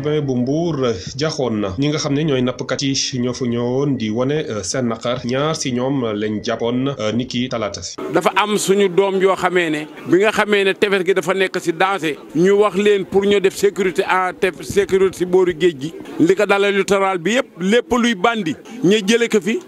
urbain bu Mbour jaxoon na ñi nga xam ne ñooy nappkat yi ñoo fa ñëwoon di wane euh, seen naqar ñaar si ñoom lañ jàppoon euh, ni ki talaata si. dafa am suñu doom yoo xamee ne bi nga xamee ne tefes gi dafa nekk si danger ñu wax leen pour ñu def sécurité en tef sécurité si booru géej gi li ko dalal littoral bi yëpp lépp luy bandi ñu jëlee ko fi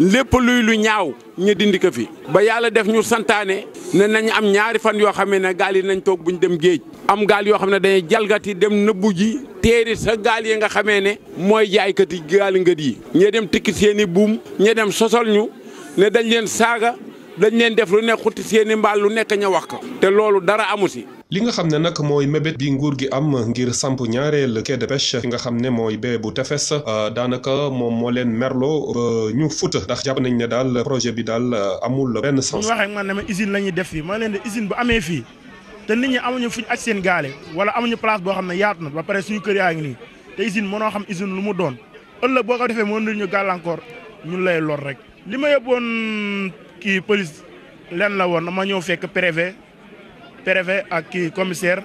lépp luy lu ñaaw ñu dindi ko fi ba yàlla def ñu santaane. ne nañ am ñaari fan yoo xam ne gaal yi nañ toog buñ dem géej am gaal yoo xam ne dañuy jalgati dem nëbbu ji téeri sa gaal yi nga xamee ne mooy jaaykati gaal ngët yi ñe dem tikki seen i buum ñee dem sosol ñu ne dañ leen saaga dañ leen def lu ne xuti seen i mbaal lu nekk ña wax ko te loolu dara amu si li nga xam ne nag mooy mébét bi nguur gi am ngir samp ñaareel quai de pêche nga xam ne mooy bee bu tefes euh, daanaka moom moo leen merloo ba euh, ñu fut ndax jàpp nañ ne daal projet bi daal euh, amul benn sens. wax ak man ne ma isin la ñuy def fii ma leen di usine bu amee fii te nit ñi amuñu fuñ aj seen gaale wala amuñu place boo xam ne yaatu na ba pare suñu kër yaa ngi nii te usine mënoo xam usine lu mu doon ëllëg boo ko defee mën ñu gàllankoor ñun lay lor rek. li ma yóbboon kii police lenn la woon ma ñëw fekk préfet. préfet ak kii commissaire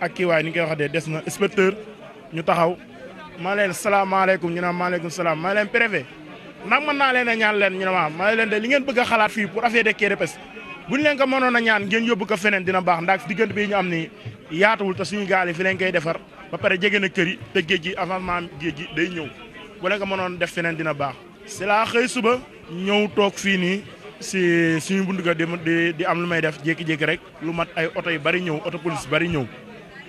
ak kii waaye ni ñu koy wax de des na inspecteur ñu taxaw ma leen salaamaaleykum ñu ne maaleykum salaam ma leen préfet ndax mën naa leen a ñaan leen ñu ne ma ma leen de li ngeen bëgg a xalaat fii pour affaire de Kédépes bu ñu leen ko mënoon a ñaan ngeen yóbbu ko feneen dina baax ndax diggante bi ñu am ni yaatuwul te suñu gaal yi fi leen koy defar ba pare jege na kër yi te géej gi avancement géej gi day ñëw bu leen ko mënoon def feneen dina baax. si laa xëy suba ñëw toog fii nii si suñu bundu ga di di am lu may def jek jek rek lu mat ay auto yu bari ñew auto police bari ñew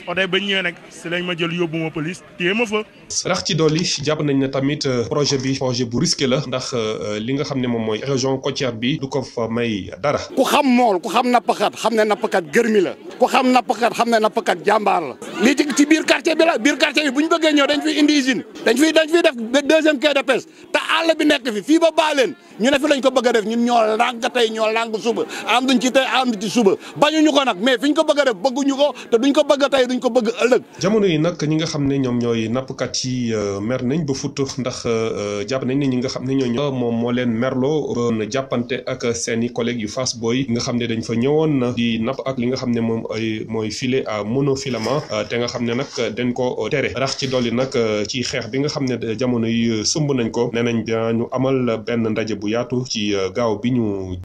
auto ba ñew nak si lañ ma jël yobuma police téma fa sax ci doli japp nañ ne tamit euh, projet bi projet bu risqué la ndax euh, li nga xamne mom moy région côtière bi du ko fa may dara ku xam mol ku xam napakat xamne napakat germi la ku xam nappkat xam ne nappkat jàmbaar la lii ci ci biir quartier bi la biir quartier bi bu ñu bëggee ñëw dañ fiy indi usine dañ fiy dañ fiy def deuxième quai de pêche te àll bi nekk fi fii ba baaleen ñu ne fi lañ ko bëgg a def ñun ñoo lànk tey ñoo lànk suba ànduñ ci tey ànd ci suba bañuñu ko nag mais fi ñu ko bëgg a def bëgguñu ko te duñ ko bëgg a tey duñ ko bëgg ëllëg jamono yi nag ñi nga xam ne ñoom ñooy nappkat yi euh, mer nañ ba futt ndax euh, euh, jàpp nañ ne ñi nga xam ne ñoo moom moo leen merloo doon jàppante ak seeni collègues yu Fass Boy nga xam ne dañ fa ñëwoon di napp ak li nga xam ne moom ay mooy filet mono euh, monofilament euh, te nga xam ne nag dañ ko tere rax ci dolli nag euh, ci xeex bi nga xam ne jamono yi sumb nañ ko nee nañ ñu amal benn ndaje bu yaatu ci gaaw bi ñu